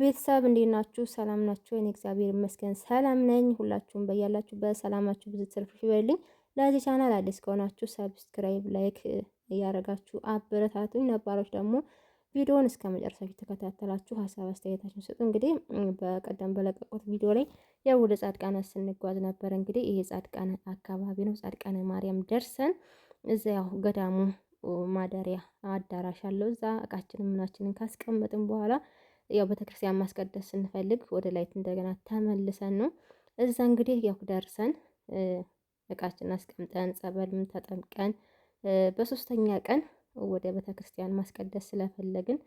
ቤተሰብ እንዴት ናችሁ? ሰላም ናችሁ? እኔ እግዚአብሔር ይመስገን ሰላም ነኝ። ሁላችሁም በያላችሁበት ሰላማችሁ ብዙ ትርፍ ይበልኝ። ለዚህ ቻናል አዲስ ከሆናችሁ ሰብስክራይብ፣ ላይክ እያደረጋችሁ አበረታቱኝ። ነባሮች ደግሞ ቪዲዮውን እስከ መጨረሻው ተከታተላችሁ ሀሳብ አስተያየታችሁን ስጡ። እንግዲህ በቀደም በለቀቁት ቪዲዮ ላይ ያው ወደ ጻድቃነ ስንጓዝ ነበር። እንግዲህ ይሄ ጻድቃነ አካባቢ ነው። ጻድቃነ ማርያም ደርሰን እዛ ያው ገዳሙ ማደሪያ አዳራሽ አለው። እዛ እቃችንን ምናችንን ካስቀመጥን በኋላ ያው ቤተክርስቲያን ማስቀደስ ስንፈልግ ወደ ላይ እንደገና ተመልሰን ነው። እዛ እንግዲህ ያው ደርሰን እቃችን አስቀምጠን ጸበልም ተጠምቀን በሶስተኛ ቀን ወደ ቤተክርስቲያን ማስቀደስ ስለፈለግን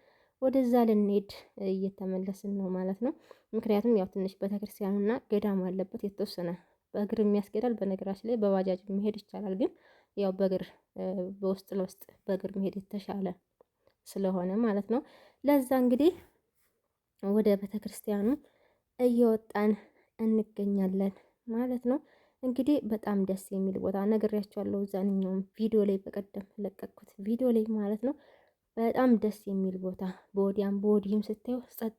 ወደዛ ልንሄድ እየተመለስን ነው ማለት ነው። ምክንያቱም ያው ትንሽ ቤተክርስቲያኑና ገዳም አለበት የተወሰነ በእግር የሚያስገዳል። በነገራችን ላይ በባጃጅ መሄድ ይቻላል፣ ግን ያው በእግር በውስጥ ለውስጥ በእግር መሄድ የተሻለ ስለሆነ ማለት ነው። ለዛ እንግዲህ ወደ ቤተክርስቲያኑ እየወጣን እንገኛለን ማለት ነው። እንግዲህ በጣም ደስ የሚል ቦታ ነግሬያቸዋለሁ። እዛንኛውም ቪዲዮ ላይ በቀደም ለቀቅኩት ቪዲዮ ላይ ማለት ነው። በጣም ደስ የሚል ቦታ በወዲያም በወዲህም ስታዩ ጸጥ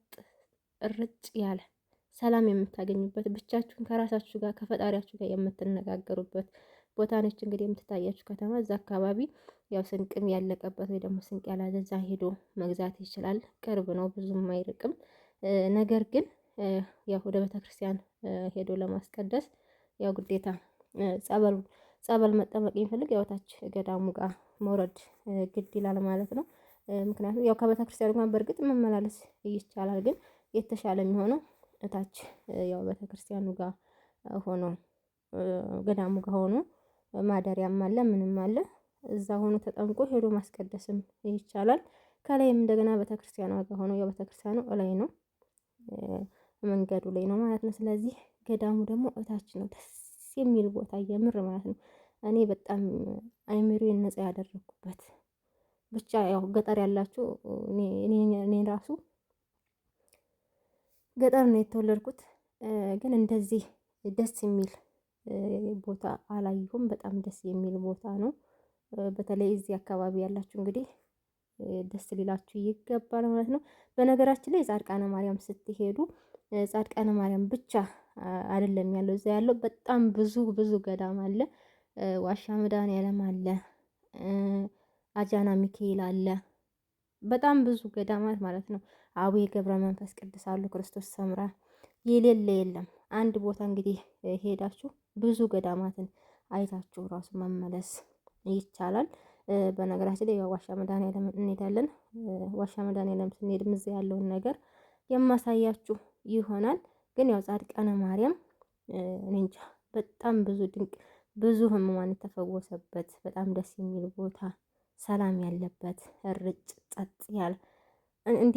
ርጭ ያለ ሰላም የምታገኙበት ብቻችሁን ከራሳችሁ ጋር ከፈጣሪያችሁ ጋር የምትነጋገሩበት ቦታ ነች እንግዲህ የምትታያችሁ ከተማ። እዛ አካባቢ ያው ስንቅም ያለቀበት ወይ ደግሞ ስንቅ ያላዘ እዛ ሄዶ መግዛት ይችላል። ቅርብ ነው፣ ብዙም አይርቅም። ነገር ግን ያው ወደ ቤተክርስቲያን ሄዶ ለማስቀደስ ያው ግዴታ ጸበል ጸበል መጠመቅ የሚፈልግ ያው ታች ገዳሙ ጋር መውረድ ግድ ይላል ማለት ነው። ምክንያቱም ያው ከቤተክርስቲያን እንኳን በእርግጥ መመላለስ ይቻላል፣ ግን የተሻለ የሚሆነው እታች ያው ቤተክርስቲያኑ ጋር ሆኖ ገዳሙ ጋር ሆኖ ማደሪያም አለ ምንም አለ። እዛ ሆኖ ተጠምቆ ሄዶ ማስቀደስም ይቻላል። ከላይም እንደገና ቤተክርስቲያኗ ጋር ሆኖ ያው ቤተክርስቲያኑ ላይ ነው መንገዱ ላይ ነው ማለት ነው። ስለዚህ ገዳሙ ደግሞ እታች ነው። ደስ የሚል ቦታ የምር ማለት ነው። እኔ በጣም አይምሬን ነጻ ያደረኩበት ብቻ ያው ገጠር ያላችሁ እኔ ራሱ ገጠር ነው የተወለድኩት፣ ግን እንደዚህ ደስ የሚል ቦታ አላየሁም። በጣም ደስ የሚል ቦታ ነው። በተለይ እዚህ አካባቢ ያላችሁ እንግዲህ ደስ ሊላችሁ ይገባል ማለት ነው። በነገራችን ላይ ጻድቃነ ማርያም ስትሄዱ ጻድቃነ ማርያም ብቻ አይደለም ያለው እዛ ያለው በጣም ብዙ ብዙ ገዳም አለ። ዋሻ ያለም አለ። አጃና ሚካኤል አለ። በጣም ብዙ ገዳማት ማለት ነው። አቡነ ገብረ መንፈስ ቅዱስ አሉ። ክርስቶስ ሰምራ የሌለ የለም። አንድ ቦታ እንግዲህ ሄዳችሁ ብዙ ገዳማትን አይታችሁ ራሱ መመለስ ይቻላል። በነገራችን ላይ ዋሻ መድኃኔዓለም እንሄዳለን። ዋሻ መድኃኔዓለም ስንሄድ ምዝ ያለውን ነገር የማሳያችሁ ይሆናል። ግን ያው ጻድቃነ ማርያም እንጃ በጣም ብዙ ድንቅ ብዙ ህሙማን የተፈወሰበት በጣም ደስ የሚል ቦታ፣ ሰላም ያለበት ርጭ ጸጥ ያለ እንዴ።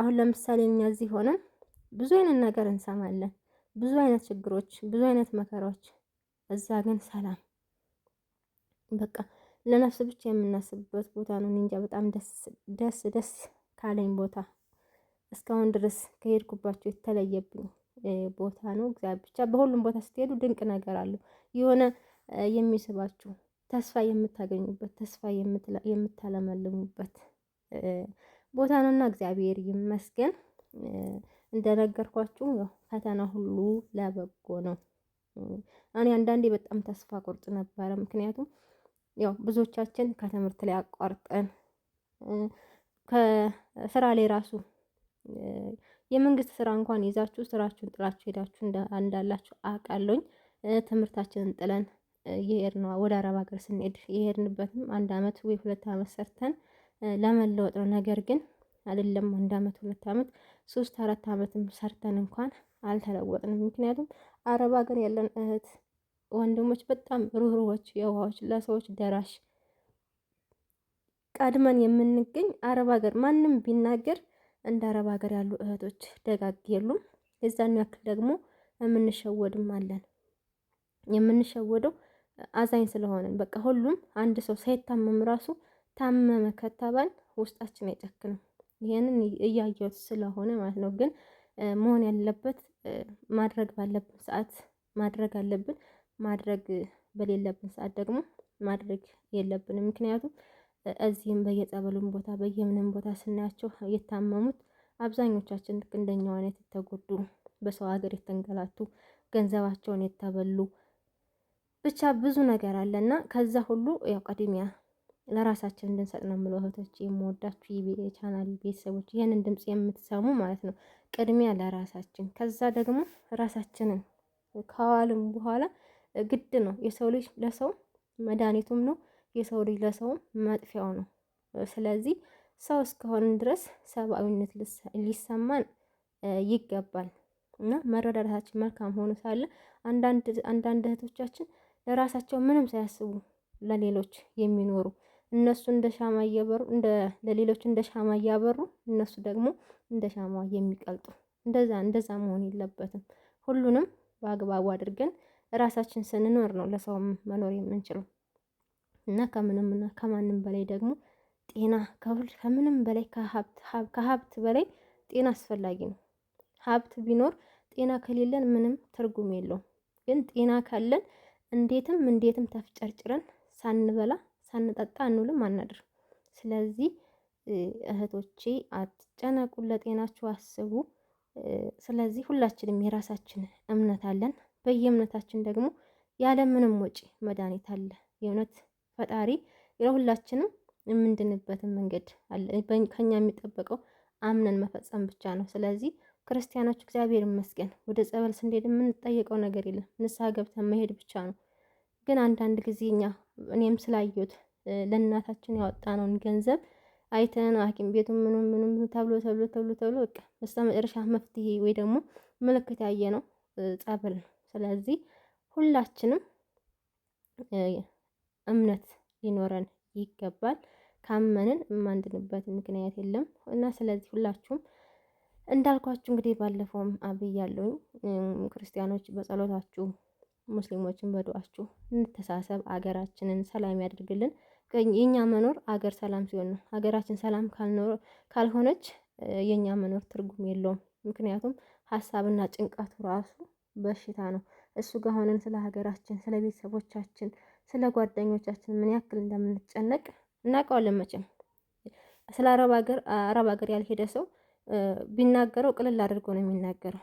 አሁን ለምሳሌ እኛ እዚህ ሆነን ብዙ አይነት ነገር እንሰማለን። ብዙ አይነት ችግሮች፣ ብዙ አይነት መከራዎች። እዛ ግን ሰላም በቃ ለነፍስ ብቻ የምናስብበት ቦታ ነው። እንጃ በጣም ደስ ደስ ደስ ካለኝ ቦታ እስካሁን ድረስ ከሄድኩባቸው የተለየብኝ ቦታ ነው። እግዚአብሔር ብቻ በሁሉም ቦታ ስትሄዱ ድንቅ ነገር አለው። የሆነ የሚስባችሁ ተስፋ የምታገኙበት ተስፋ የምታለመልሙበት ቦታ ነውና እግዚአብሔር ይመስገን። እንደነገርኳችሁ ያው ፈተና ሁሉ ለበጎ ነው። እኔ አንዳንዴ በጣም ተስፋ ቁርጥ ነበረ። ምክንያቱም ያው ብዙዎቻችን ከትምህርት ላይ አቋርጠን ከስራ ላይ ራሱ የመንግስት ስራ እንኳን ይዛችሁ ስራችሁን ጥላችሁ ሄዳችሁ እንዳላችሁ አውቃለሁኝ። ትምህርታችንን ጥለን የሄድን ወደ አረብ ሀገር ስንሄድ የሄድንበትም አንድ አመት ወይ ሁለት አመት ሰርተን ለመለወጥ ነው። ነገር ግን አይደለም አንድ አመት ሁለት አመት ሶስት አራት አመትም ሰርተን እንኳን አልተለወጥንም። ምክንያቱም አረብ ሀገር ያለን እህት ወንድሞች በጣም ሩህሩዎች፣ የዋዎች፣ ለሰዎች ደራሽ ቀድመን የምንገኝ አረብ ሀገር ማንም ቢናገር እንደ አረብ ሀገር ያሉ እህቶች ደጋግ የሉም። የዛን ያክል ደግሞ የምንሸወድም አለን። የምንሸወደው አዛኝ ስለሆነን በቃ ሁሉም አንድ ሰው ሳይታመም ራሱ ታመመ ከተባል ውስጣችን አይጨክንም። ይሄንን እያየሁት ስለሆነ ማለት ነው። ግን መሆን ያለበት ማድረግ ባለብን ሰዓት ማድረግ አለብን። ማድረግ በሌለብን ሰዓት ደግሞ ማድረግ የለብንም። ምክንያቱም እዚህም በየጸበሉን ቦታ በየምንም ቦታ ስናያቸው የታመሙት አብዛኞቻችን ልክ እንደኛው አይነት የተጎዱ በሰው ሀገር የተንገላቱ ገንዘባቸውን የተበሉ ብቻ ብዙ ነገር አለ እና ከዛ ሁሉ ያው ቀድሚያ ለራሳችን እንድንሰጥ ነው የምለው። እህቶች የምወዳችሁ የቻናል ቤተሰቦች ይህንን ድምፅ የምትሰሙ ማለት ነው ቅድሚያ ለራሳችን፣ ከዛ ደግሞ ራሳችንን ከዋልም በኋላ ግድ ነው። የሰው ልጅ ለሰው መድኃኒቱም ነው፣ የሰው ልጅ ለሰው መጥፊያው ነው። ስለዚህ ሰው እስከሆንን ድረስ ሰብአዊነት ሊሰማን ይገባል እና መረዳዳታችን መልካም ሆኖ ሳለ አንዳንድ እህቶቻችን ለራሳቸው ምንም ሳያስቡ ለሌሎች የሚኖሩ እነሱ እንደ ሻማ እየበሩ እንደ ለሌሎች እንደ ሻማ እያበሩ እነሱ ደግሞ እንደ ሻማ የሚቀልጡ እንደዛ እንደዛ መሆን የለበትም። ሁሉንም በአግባቡ አድርገን ራሳችን ስንኖር ነው ለሰው መኖር የምንችለው እና ከምንም እና ከማንም በላይ ደግሞ ጤና ከምንም በላይ ከሀብት ከሀብት በላይ ጤና አስፈላጊ ነው። ሀብት ቢኖር ጤና ከሌለን ምንም ትርጉም የለውም። ግን ጤና ካለን እንዴትም እንዴትም ተፍጨርጭረን ሳንበላ ሳንጠጣ አንውልም አናድርም። ስለዚህ እህቶቼ አትጨነቁ፣ ለጤናችሁ አስቡ። ስለዚህ ሁላችንም የራሳችን እምነት አለን። በየእምነታችን ደግሞ ያለምንም ወጪ መድኃኒት አለ። የእውነት ፈጣሪ ለሁላችንም የምንድንበትን መንገድ አለ። ከኛ የሚጠበቀው አምነን መፈጸም ብቻ ነው። ስለዚህ ክርስቲያኖች እግዚአብሔር ይመስገን ወደ ጸበል ስንሄድ የምንጠየቀው ነገር የለም። ንስሐ ገብተን መሄድ ብቻ ነው። ግን አንዳንድ ጊዜ እኛ እኔም ስላየሁት ለእናታችን ያወጣነውን ገንዘብ አይተን ሐኪም ቤቱ ምኑም ምኑም ተብሎ ተብሎ ተብሎ ተብሎ በቃ በስተ መጨረሻ መፍትሄ ወይ ደግሞ ምልክት ያየ ነው ጸበል ነው። ስለዚህ ሁላችንም እምነት ሊኖረን ይገባል። ካመንን የማንድንበት ምክንያት የለም እና ስለዚህ ሁላችሁም እንዳልኳችሁ እንግዲህ ባለፈውም አብይ ያለውኝ ክርስቲያኖች በጸሎታችሁ ሙስሊሞችን በዱዋችሁ እንተሳሰብ፣ አገራችንን ሰላም ያድርግልን። የእኛ መኖር አገር ሰላም ሲሆን ነው። ሀገራችን ሰላም ካልሆነች የእኛ መኖር ትርጉም የለውም። ምክንያቱም ሀሳብና ጭንቀቱ ራሱ በሽታ ነው። እሱ ጋር ሆነን ስለ ሀገራችን፣ ስለ ቤተሰቦቻችን፣ ስለ ጓደኞቻችን ምን ያክል እንደምንጨነቅ እናውቀዋለን። መቼም ስለ አረብ ሀገር ሀገር ያልሄደ ሰው ቢናገረው ቅልል አድርጎ ነው የሚናገረው።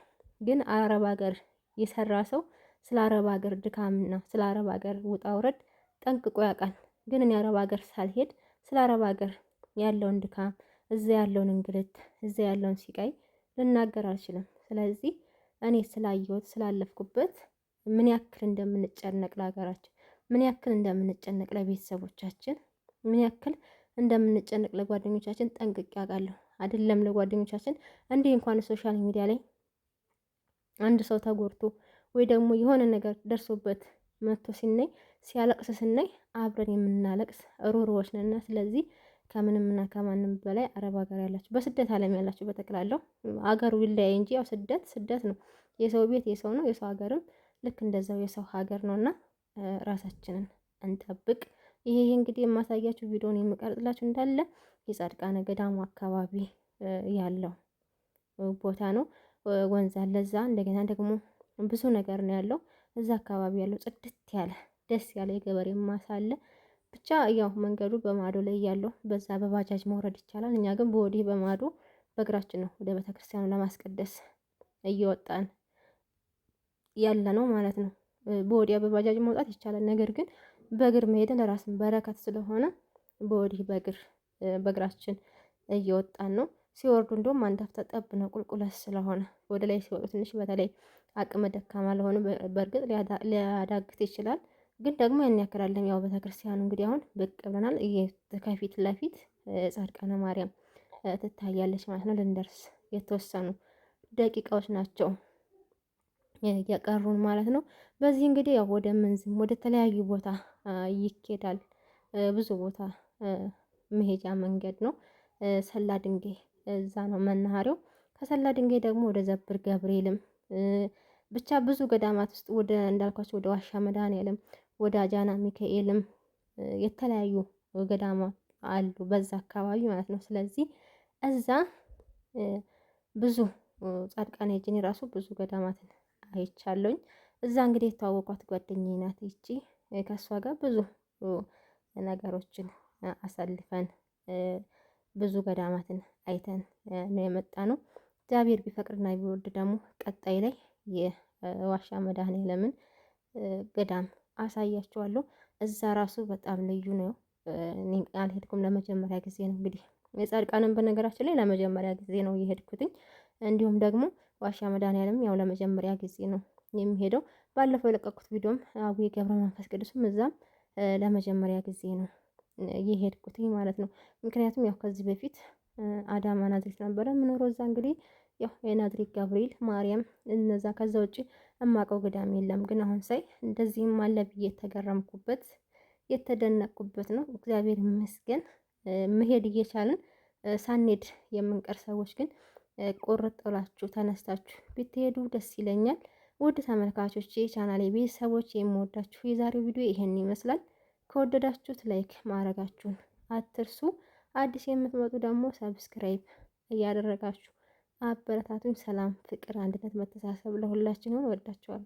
ግን አረብ ሀገር የሰራ ሰው ስለ አረብ ሀገር ድካምና ስለ አረብ ሀገር ውጣ ውረድ ጠንቅቆ ያውቃል። ግን እኔ አረብ ሀገር ሳልሄድ ስለ አረብ ሀገር ያለውን ድካም እዛ ያለውን እንግልት እዛ ያለውን ሲቃይ ልናገር አልችልም። ስለዚህ እኔ ስላየሁት ስላለፍኩበት ምን ያክል እንደምንጨነቅ ለሀገራችን፣ ምን ያክል እንደምንጨነቅ ለቤተሰቦቻችን፣ ምን ያክል እንደምንጨነቅ ለጓደኞቻችን ጠንቅቄ አውቃለሁ። አይደለም ለጓደኞቻችን እንዲህ እንኳን ሶሻል ሚዲያ ላይ አንድ ሰው ተጎድቶ ወይ ደግሞ የሆነ ነገር ደርሶበት መጥቶ ሲናይ ሲያለቅስ ስናይ አብረን የምናለቅስ ሩሮዎች ነና ስለዚህ ከምንም እና ከማንም በላይ አረብ ሀገር ያላችሁ በስደት ዓለም ያላችሁ በጠቅላላው አገሩ ይለያይ እንጂ ያው ስደት ስደት ነው። የሰው ቤት የሰው ነው፣ የሰው ሀገርም ልክ እንደዛው የሰው ሀገር ነውና ራሳችንን እንጠብቅ። ይሄ እንግዲህ የማሳያችሁ ቪዲዮን የምቀርጽላችሁ እንዳለ የጻድቃነ ገዳሙ አካባቢ ያለው ቦታ ነው። ወንዝ አለ እዛ። እንደገና ደግሞ ብዙ ነገር ነው ያለው። እዛ አካባቢ ያለው ጽድት ያለ ደስ ያለ የገበሬ ማሳ አለ። ብቻ ያው መንገዱ በማዶ ላይ ያለው በዛ በባጃጅ መውረድ ይቻላል። እኛ ግን በወዲህ በማዶ በእግራችን ነው ወደ ቤተክርስቲያኑ ለማስቀደስ እየወጣን ያለ ነው ማለት ነው። በወዲያ በባጃጅ መውጣት ይቻላል። ነገር ግን በእግር መሄድን ለራስን በረከት ስለሆነ በወዲህ በእግር በእግራችን እየወጣን ነው። ሲወርዱ እንደውም አንድ አፍታ ጠብ ነው ቁልቁለት ስለሆነ ወደ ላይ ሲወጡ ትንሽ በተለይ አቅመ ደካማ ለሆኑ በእርግጥ ሊያዳግት ይችላል። ግን ደግሞ ያን ያክላለም። ያው ቤተክርስቲያኑ እንግዲህ አሁን ብቅ ብለናል። ከፊት ለፊት ጻድቃነ ማርያም ትታያለች ማለት ነው። ልንደርስ የተወሰኑ ደቂቃዎች ናቸው የቀሩን ማለት ነው። በዚህ እንግዲህ ያው ወደ ምንዝም ወደ ተለያዩ ቦታ ይኬዳል። ብዙ ቦታ መሄጃ መንገድ ነው። ሰላ ድንጋይ እዛ ነው መናኸሪያው። ከሰላ ድንጋይ ደግሞ ወደ ዘብር ገብርኤልም ብቻ ብዙ ገዳማት ውስጥ ወደ እንዳልኳቸው ወደ ዋሻ መድኃኔዓለም ወደ አጃና ሚካኤልም የተለያዩ ገዳማት አሉ በዛ አካባቢ ማለት ነው። ስለዚህ እዛ ብዙ ጻድቃኔ የጅን ራሱ ብዙ ገዳማትን አይቻለኝ። እዛ እንግዲህ የተዋወቋት ጓደኛዬ ናት ይቺ። ከእሷ ጋር ብዙ ነገሮችን አሳልፈን ብዙ ገዳማትን አይተን ነው የመጣ ነው። እግዚአብሔር ቢፈቅድና ቢወድ ደግሞ ቀጣይ ላይ የዋሻ መድኃኔዓለምን ገዳም አሳያችኋለሁ። እዛ ራሱ በጣም ልዩ ነው። አልሄድኩም፣ ለመጀመሪያ ጊዜ ነው። እንግዲህ የጻድቃንን በነገራችን ላይ ለመጀመሪያ ጊዜ ነው የሄድኩትኝ። እንዲሁም ደግሞ ዋሻ መድኃኔዓለም ያው ለመጀመሪያ ጊዜ ነው የሚሄደው። ባለፈው የለቀኩት ቪዲዮም አቡዬ ገብረ መንፈስ ቅዱስም እዛም ለመጀመሪያ ጊዜ ነው የሄድኩትኝ ማለት ነው። ምክንያቱም ያው ከዚህ በፊት አዳማ ናዝሬት ነበረ የምኖረው እዛ እንግዲህ ያው የናዝሬት ገብርኤል ማርያም እነዛ ከዛ ውጭ እማቀው ገዳም የለም። ግን አሁን ሳይ እንደዚህም አለ ብዬ የተገረምኩበት የተደነቅኩበት ነው። እግዚአብሔር ይመስገን መሄድ እየቻልን ሳንሄድ የምንቀር ሰዎች ግን ቆርጥላችሁ ተነስታችሁ ብትሄዱ ደስ ይለኛል። ውድ ተመልካቾች፣ የቻናሌ ቤተሰቦች የምወዳችሁ የዛሬው ቪዲዮ ይሄን ይመስላል። ከወደዳችሁት ላይክ ማድረጋችሁን አትርሱ። አዲስ የምትመጡ ደግሞ ሰብስክራይብ እያደረጋችሁ አበረታቱኝ። ሰላም፣ ፍቅር፣ አንድነት፣ መተሳሰብ ይሁን። እወዳችኋለሁ።